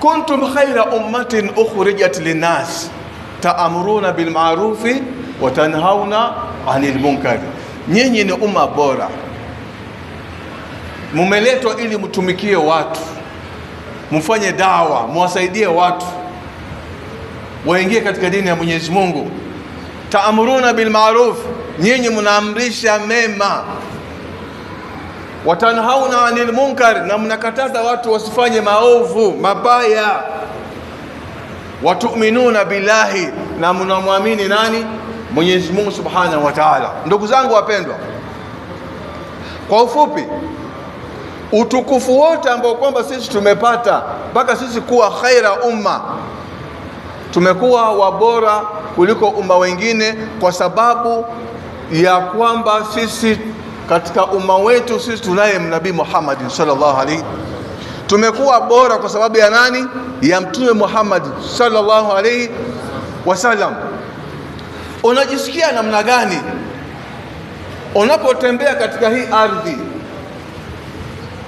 kuntum khaira ummatin ukhrijat linnas taamuruna bilmarufi wa tanhauna anil munkari, nyinyi ni umma bora, mumeletwa ili mtumikie watu, mfanye dawa, muwasaidie watu waingie katika dini ya Mwenyezi Mungu. Taamuruna bilmaruf, nyinyi mnaamrisha mema watanhauna anil munkar, na mnakataza watu wasifanye maovu mabaya. Watuminuna billahi, na mnamwamini nani? Mwenyezi Mungu subhanahu wa taala. Ndugu zangu wapendwa, kwa ufupi, utukufu wote ambao kwamba sisi tumepata mpaka sisi kuwa khaira umma, tumekuwa wabora kuliko umma wengine, kwa sababu ya kwamba sisi katika umma wetu sisi tunaye Nabii Muhammad sallallahu alaihi tumekuwa bora kwa sababu ya nani? Ya Mtume Muhammad sallallahu alaihi wasallam. Unajisikia namna gani unapotembea katika hii ardhi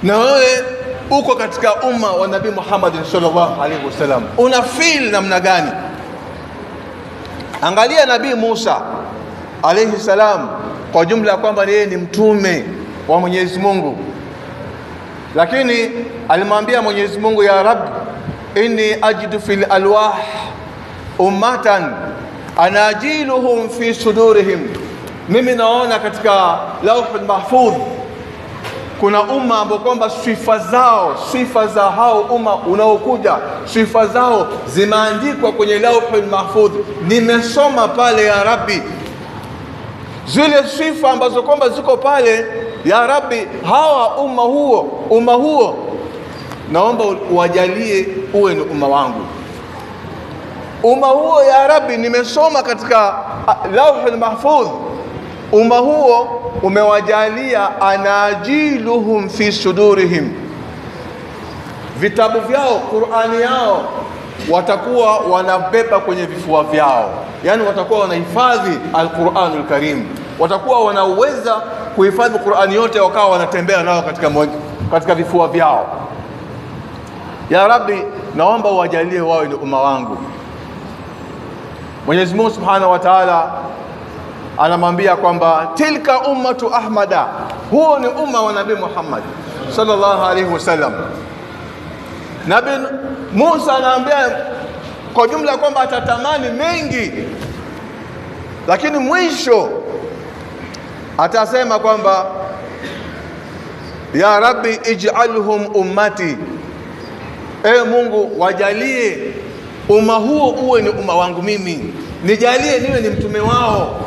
na wewe uko katika umma wa Nabii Muhammad sallallahu alaihi wasallam? Una feel namna gani? Angalia Nabii Musa alaihi salam kwa jumla ya kwamba yeye ni mtume wa Mwenyezi Mungu, lakini alimwambia Mwenyezi Mungu, ya Rabb inni ajidu fil alwah ummatan anajiluhum fi sudurihim, mimi naona katika lauhul mahfudh kuna umma ambao kwamba sifa zao sifa za hao umma unaokuja sifa zao zimeandikwa kwenye lauhul mahfudh. Nimesoma pale ya Rabbi zile sifa ambazo kwamba ziko pale. Ya Rabbi, hawa umma huo umma huo naomba uwajalie uwe ni umma wangu. Umma huo ya Rabbi, nimesoma katika Lauhul Mahfuz, umma huo umewajalia anajiluhum fi sudurihim, vitabu vyao Qur'ani yao watakuwa wanabeba kwenye vifua vyao, yani watakuwa wanahifadhi alquran Karim, watakuwa wanaweza kuhifadhi Qurani yote, wakawa wanatembea nao katika, katika vifua vyao. Ya Rabbi, naomba uwajalie wawe ni umma wangu. Mwenyezi Mungu Subhanahu wa Ta'ala anamwambia kwamba tilka ummatu ahmada, huo ni umma wa Nabii Muhammad sallallahu alaihi wasallam Nabii Musa anaambia kwa jumla kwamba atatamani mengi, lakini mwisho atasema kwamba ya rabbi ij'alhum ummati, ewe Mungu wajalie umma huo uwe ni umma wangu mimi, nijalie niwe ni mtume wao.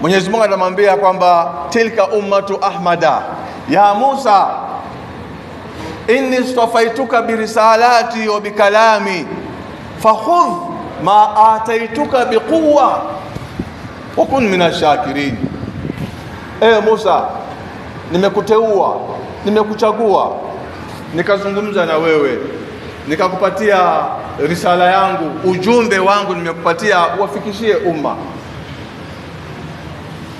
Mwenyezi Mungu anamwambia kwamba tilka ummatu ahmada ya Musa inni istafaituka birisalati wa bikalami fakhudh ma ataituka biquwa wa kun min ashakirin. Ee Musa, nimekuteua nimekuchagua, nikazungumza na wewe, nikakupatia risala yangu, ujumbe wangu nimekupatia, uwafikishie umma.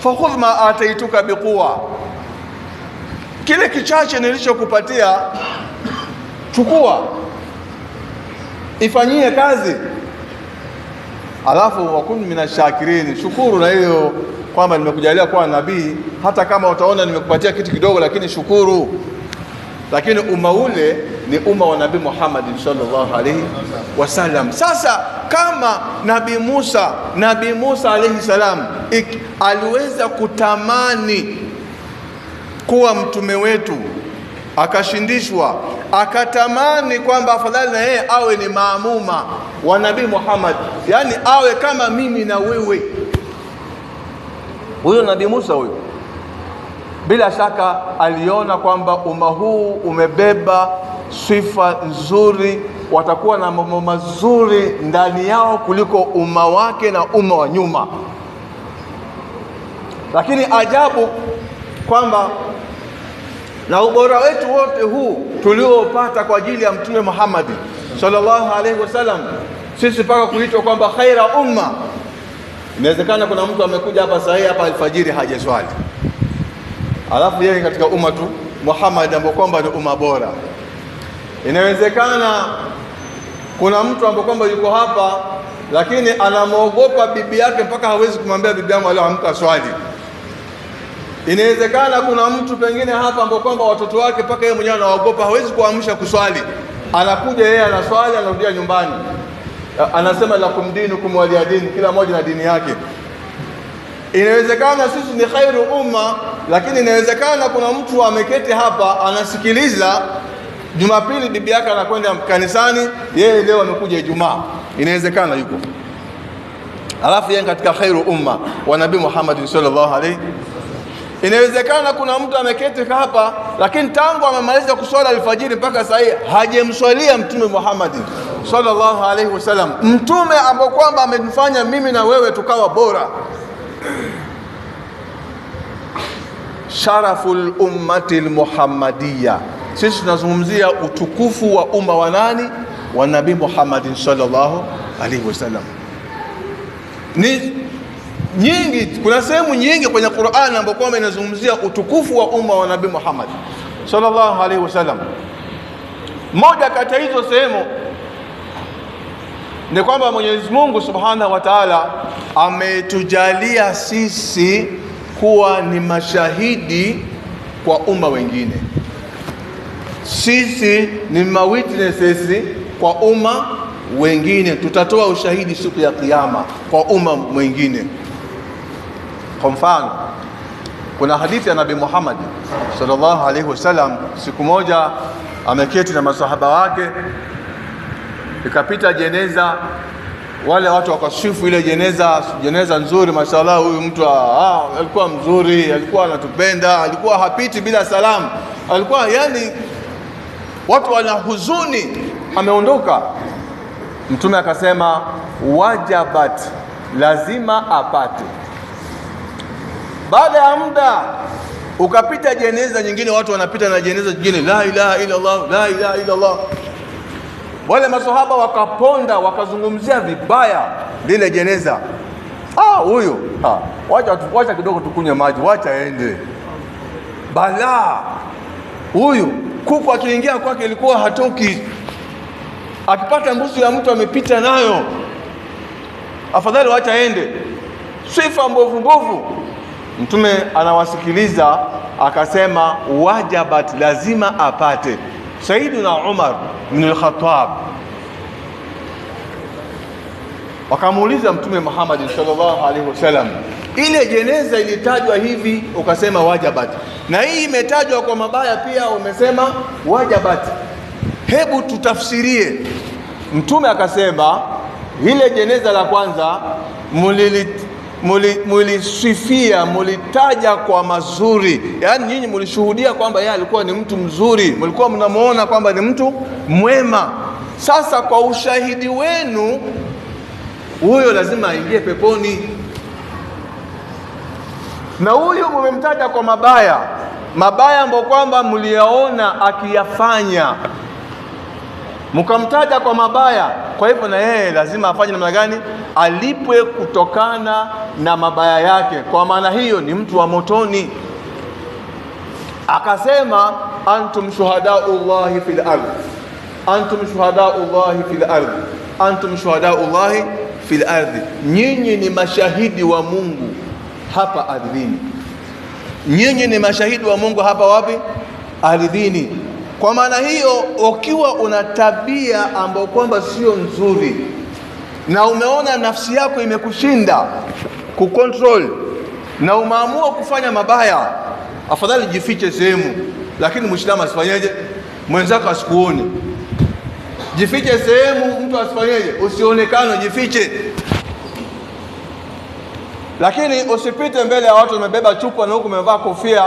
Fakhudh ma ataituka biquwa, kile kichache nilichokupatia chukua ifanyie kazi, alafu wakun minashakirin, shukuru na hiyo kwamba nimekujalia kuwa nabii. Hata kama utaona nimekupatia kitu kidogo, lakini shukuru. Lakini umma ule ni umma wa Nabii Muhammad sallallahu alaihi wasallam. Sasa kama Nabii Musa, Nabii Musa alaihi salam aliweza kutamani kuwa mtume wetu akashindishwa akatamani kwamba afadhali na yeye awe ni maamuma wa Nabii Muhammad, yani awe kama mimi na wewe. Huyo Nabii Musa huyo, bila shaka aliona kwamba umma huu umebeba sifa nzuri, watakuwa na mambo mazuri ndani yao kuliko umma wake na umma wa nyuma. Lakini ajabu kwamba na ubora wetu wote huu tuliopata kwa ajili ya Mtume Muhammad sallallahu alaihi wasallam, sisi mpaka kuitwa kwamba khaira umma. Inawezekana kuna mtu amekuja hapa sahihi hapa alfajiri hajaswali, alafu yeye katika umma tu Muhammad ambao kwamba ni umma bora. Inawezekana kuna mtu ambao kwamba yuko hapa lakini anamwogopa bibi yake mpaka hawezi kumwambia bibi yangu, aliamka swali Inawezekana kuna mtu pengine hapa ambao kwamba watoto wake mpaka yeye mwenyewe anaogopa, hawezi kuamsha kuswali, anakuja yeye anaswali, anarudia nyumbani. Anasema lakum dinukum waliya dini, kila mmoja na dini yake. Inawezekana sisi ni khairu umma, lakini inawezekana kuna mtu ameketi hapa anasikiliza Jumapili bibi yake anakwenda kanisani, yeye leo amekuja Ijumaa. Inawezekana yuko alafu yeye katika khairu umma wa Nabii Muhammad sallallahu alaihi Inawezekana kuna mtu ameketi hapa, lakini tangu amemaliza kuswala alfajiri mpaka saa hii hajemswalia Mtume Muhammad sallallahu alaihi wasallam, mtume ambao kwamba amemfanya mimi na wewe tukawa bora. Sharaful ummati lmuhammadiya, sisi tunazungumzia utukufu wa umma wa nani? Wa Nabii Muhammadin sallallahu alaihi wasallam ni nyingi, kuna sehemu nyingi kwenye Qur'an ambapo kwamba inazungumzia utukufu wa umma wa Nabii Muhammad sallallahu alaihi wasallam. Moja kati ya hizo sehemu ni kwamba Mwenyezi Mungu Subhanahu wa Ta'ala ametujalia sisi kuwa ni mashahidi kwa umma wengine. Sisi ni mawitnesses kwa umma wengine, tutatoa ushahidi siku ya Kiyama kwa umma mwingine. Kwa mfano, kuna hadithi ya Nabii Muhammad sallallahu alaihi wasallam, siku moja ameketi na masahaba wake, ikapita jeneza, wale watu wakasifu ile jeneza, jeneza nzuri, mashallah, huyu mtu ah, ah, alikuwa mzuri, alikuwa anatupenda, alikuwa hapiti bila salamu, alikuwa yani, watu wana huzuni, ameondoka. Mtume akasema wajabat, lazima apate baada ya muda ukapita jeneza nyingine, watu wanapita na jeneza nyingine, la ilaha illa Allah, la ilaha illa Allah. Wale masahaba wakaponda, wakazungumzia vibaya lile jeneza. Ah, huyo wacha, wacha kidogo tukunywe maji, wacha ende balaa huyu. Kuku akiingia kwake ilikuwa hatoki, akipata mbuzi ya mtu amepita nayo, afadhali wacha ende. Sifa mbovu mbovu Mtume anawasikiliza akasema, wajabat, lazima apate. Saiduna Umar bin al-Khattab wakamuuliza Mtume Muhammad sallallahu alaihi wasallam, ile jeneza ilitajwa hivi ukasema wajabat, na hii imetajwa kwa mabaya pia umesema wajabat, hebu tutafsirie. Mtume akasema, ile jeneza la kwanza mulili mulisifia mulitaja kwa mazuri, yaani nyinyi mulishuhudia kwamba yeye alikuwa ni mtu mzuri, mulikuwa mnamwona kwamba ni mtu mwema. Sasa kwa ushahidi wenu huyo lazima aingie peponi, na huyu mumemtaja kwa mabaya, mabaya ambayo kwamba mliyaona akiyafanya, mkamtaja kwa mabaya kwa hivyo na yeye lazima afanye namna gani? Alipwe kutokana na mabaya yake. Kwa maana hiyo ni mtu wa motoni. Akasema antum shuhadaullahi fil ardh, antum shuhadaullahi fil ardh, antum shuhadaullahi fil ardhi, nyinyi ni mashahidi wa Mungu hapa ardhini. Nyinyi ni mashahidi wa Mungu hapa wapi? Ardhini. Kwa maana hiyo, ukiwa una tabia ambayo kwamba sio nzuri na umeona nafsi yako imekushinda kukontrol na umeamua kufanya mabaya, afadhali jifiche sehemu, lakini mwislamu asifanyeje? Mwenzako asikuone. Jifiche sehemu, mtu asifanyeje? Usionekane, jifiche lakini usipite mbele ya watu umebeba chupa na huku umevaa kofia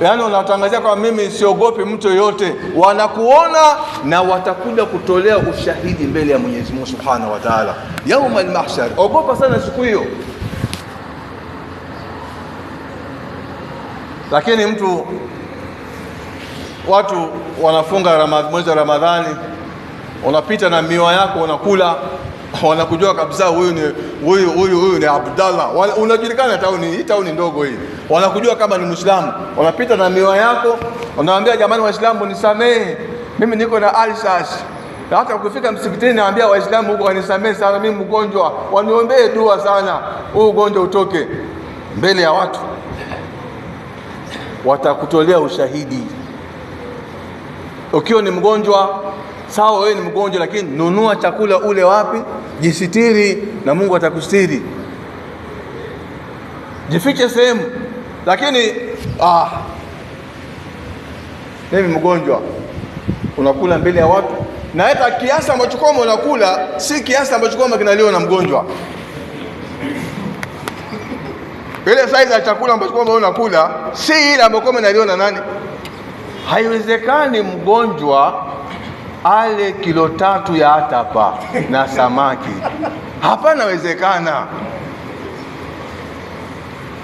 yaani unatangazia kwa mimi siogopi mtu yoyote, wanakuona na watakuja kutolea ushahidi mbele ya Mwenyezi Mungu Subhanahu wa Ta'ala, yauma al-mahshar. Ogopa sana siku hiyo. Lakini mtu watu wanafunga mwezi wa Ramadhani, unapita na miwa yako unakula, wanakujua kabisa, huyu ni huyu huyu huyu ni Abdallah, unajulikana tauni hii, tauni ndogo hii wanakujua kama ni Muislamu, wanapita na miwa yako, wanawaambia jamani, Waislamu nisamehe, mimi niko na alsas hata ukifika msikitini naambia Waislamu huko wanisamehe sana, mimi mgonjwa, waniombee dua sana, huu ugonjwa utoke. Mbele ya watu watakutolea ushahidi. Ukiwa ni mgonjwa, sawa, wewe ni mgonjwa, lakini nunua chakula ule, wapi, jisitiri na Mungu atakustiri. Jifiche sehemu lakini ah, mimi mgonjwa, unakula mbele ya watu, na hata kiasi ambacho kwamba unakula si kiasi ambacho kwamba kinaliwa na mgonjwa. Ile saizi ya chakula ambacho kwamba unakula si ile ambayo kwamba inaliwa na nani. Haiwezekani mgonjwa ale kilo tatu ya atapa na samaki, hapana wezekana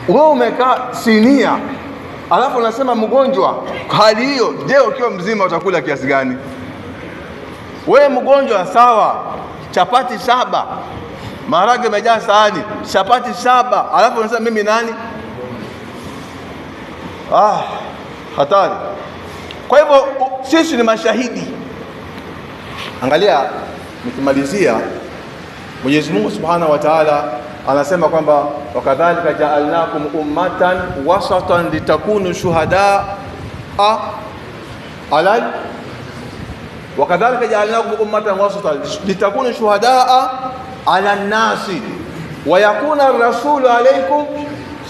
wewe umekaa sinia, alafu unasema mgonjwa, hali hiyo, je, ukiwa mzima utakula kiasi gani? Wewe mgonjwa, sawa, chapati saba, maharage imejaa sahani, chapati saba, alafu unasema mimi nani? Ah, hatari. Kwa hivyo sisi ni mashahidi. Angalia, nikimalizia Mwenyezi Mungu Subhanahu wa Ta'ala anasema kwamba wakadhalika ja'alnakum ummatan wasatan litakunu shuhada a alal wakadhalika ja'alnakum ummatan wasatan litakunu shuhadaa ala nasi wa yakuna rasulu alaykum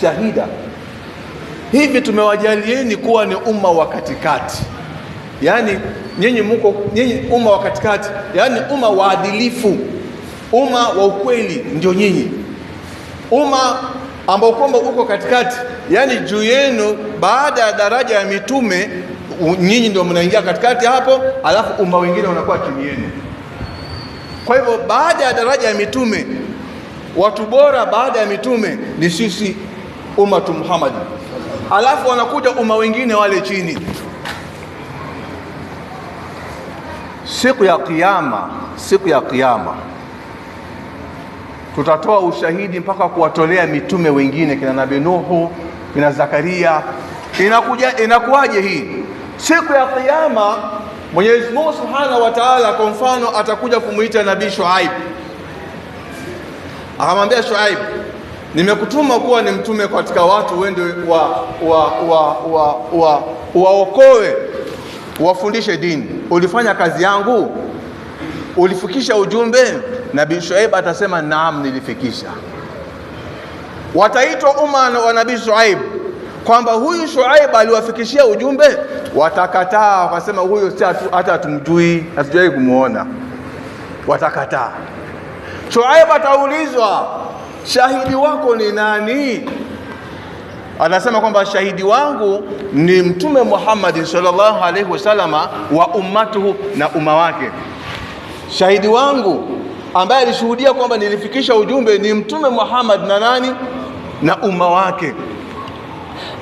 shahida. Hivi tumewajalieni kuwa ni umma wa katikati, yani nyinyi mko nyinyi umma wa katikati, yani umma waadilifu Umma wa ukweli ndio nyinyi, umma ambao kwamba uko katikati, yaani juu yenu, baada ya daraja ya mitume nyinyi ndio mnaingia katikati hapo, alafu umma wengine wanakuwa chini yenu. Kwa hivyo baada ya daraja ya mitume, watu bora baada ya mitume ni sisi ummatu Muhammad, alafu wanakuja umma wengine wale chini. Siku ya Kiyama, siku ya Kiyama tutatoa ushahidi mpaka kuwatolea mitume wengine kina nabii Nuhu, kina Zakaria. Inakuja, inakuwaje hii siku ya Kiyama? Mwenyezi Mungu Subhanahu wa Ta'ala, kwa mfano, atakuja kumuita nabii Shuaib akamwambia Shuaib, nimekutuma kuwa ni mtume katika watu, wende waokoe, wafundishe dini. Ulifanya kazi yangu? Ulifikisha ujumbe? nabi Shuaib atasema naam, nilifikisha. Wataitwa umma wa nabii Shuaib kwamba huyu Shuaib aliwafikishia ujumbe, watakataa wakasema, si hata hatumjui, hatujawahi kumwona, watakataa. Shuaib ataulizwa, shahidi wako ni nani? Anasema kwamba shahidi wangu ni Mtume Muhammad sallallahu alaihi wasallama wa ummatuhu, na umma wake. Shahidi wangu ambaye alishuhudia kwamba nilifikisha ujumbe ni Mtume Muhammad na nani na umma wake.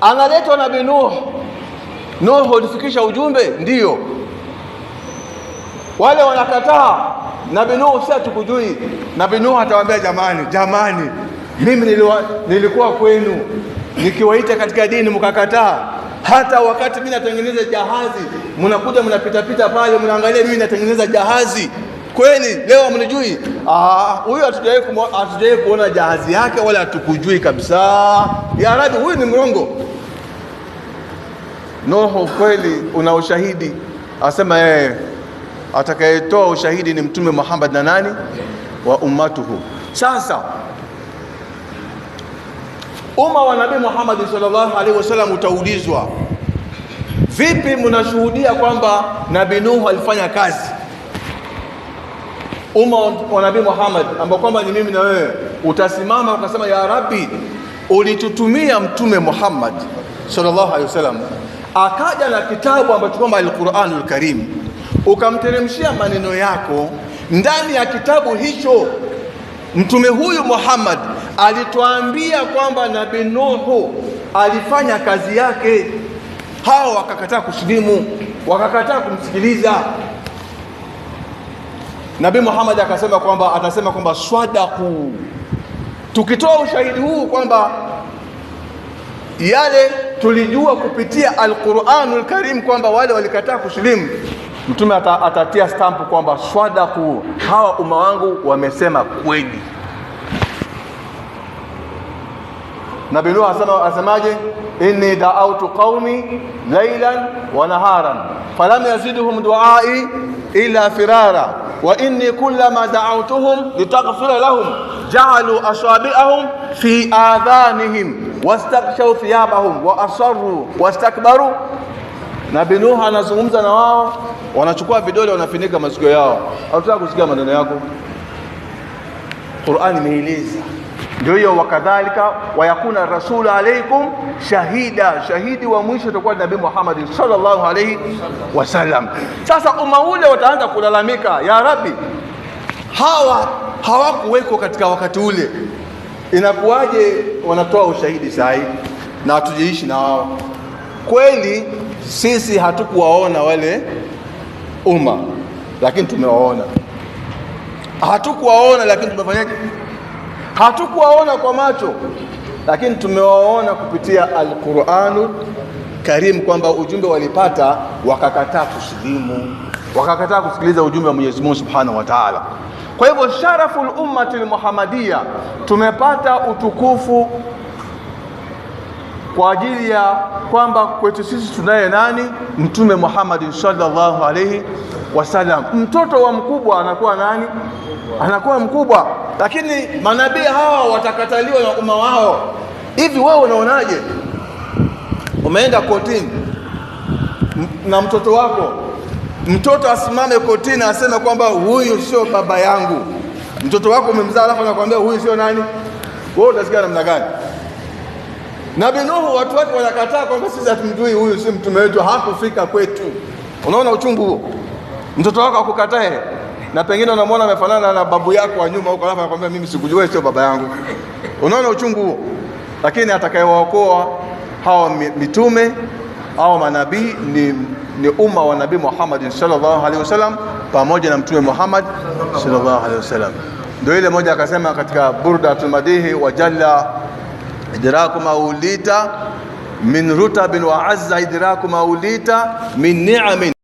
Analetwa nabii Nuh. Nuh, ulifikisha ujumbe? Ndiyo. Wale wanakataa, nabii Nuh, si hatukujui. Nabii Nuh atawaambia jamani, jamani, mimi niliwa, nilikuwa kwenu nikiwaita katika dini mkakataa. Hata wakati mimi natengeneza jahazi, mnakuja mnapitapita pale, mnaangalia mimi natengeneza jahazi kweli leo hamnijui? Ah, huyu hatujawahi kuona jahazi yake wala hatukujui kabisa. Ya Rabbi, huyu ni mrongo. Nuhu kweli una ushahidi, asema yeye atakayetoa ushahidi ni Mtume Muhammad na nani wa ummatuhu. Sasa umma wa Nabii Muhammad sallallahu alaihi wasallam utaulizwa, vipi mnashuhudia kwamba Nabii Nuhu alifanya kazi umma wa Nabii Muhammad ambao kwamba ni mimi na wewe, utasimama ukasema, ya Rabbi, ulitutumia Mtume Muhammad sallallahu alaihi wasallam akaja na kitabu ambacho kwamba Alquranul Karim, ukamteremshia maneno yako ndani ya kitabu hicho. Mtume huyu Muhammad alituambia kwamba Nabii Nuhu alifanya kazi yake, hao wakakataa kusilimu, wakakataa kumsikiliza Nabii Muhammad akasema kwamba atasema kwamba swadaku, tukitoa ushahidi huu kwamba yale tulijua kupitia Alquranul Karim kwamba wale walikataa kusilimu, Mtume atatia stampu kwamba swadaku, hawa umma wangu wamesema kweli. Nabii Nuh asemaje? inni da'awtu qaumi laylan wa naharan falam yaziduhum du'ai illa firara wa inni kullama da'awtuhum litaghfira lahum ja'alu asabi'ahum fi adhanihim wastaghshaw thiyabahum wa asarru wastakbaru Nabii Nuh anazungumza na wao, wanachukua vidole wanafinika masikio yao. Hatutaka kusikia maneno yako. Qur'an imeeleza ndio hiyo wakadhalika, wayakuna rasulu alaikum shahida, shahidi wa mwisho atakuwa Nabii Muhammad sallallahu alaihi wasallam. Sasa umma ule wataanza kulalamika, ya Rabbi, hawa hawakuwekwa katika wakati ule, inakuwaje wanatoa ushahidi sahi na hatujiishi na wao? Kweli sisi hatukuwaona wale umma, lakini tumewaona. Hatukuwaona lakini tumefanyaje? hatukuwaona kwa macho, lakini tumewaona kupitia Alquranu Karim, kwamba ujumbe walipata, wakakataa kusilimu, wakakataa kusikiliza ujumbe wa Mwenyezi Mungu Subhanahu wa Ta'ala. Kwa hivyo sharafu lummati lmuhamadia tumepata utukufu kwa ajili ya kwamba kwetu sisi tunaye nani? Mtume muhammadin salllahu alaihi wasallam. Mtoto wa mkubwa anakuwa nani? Anakuwa mkubwa lakini manabii hawa watakataliwa na umma wao. Hivi wewe unaonaje? Umeenda kotini na mtoto wako, mtoto asimame kotini aseme kwamba huyu sio baba yangu. Mtoto wako umemzaa, alafu anakuambia huyu sio nani, wewe utasikia namna gani? Nabii Nuhu watu wake wanakataa kwamba sisi hatumjui huyu, si mtume wetu, hakufika kwetu. Unaona uchungu huo? Mtoto wako akukatae na pengine unamwona amefanana na babu yako wa nyuma huko, alafu anakwambia mimi sikujua, sio baba yangu. Unaona uchungu huo? Lakini atakayewaokoa hawa mitume hawa manabii ni, ni umma wa Nabii Muhammad sallallahu alaihi wasallam pamoja na Mtume Muhammad sallallahu alaihi wasallam. Ndio ile moja akasema katika Burdatul Madihi, wajalla idraku maulita min rutabin wa azza idraku maulita min ni'amin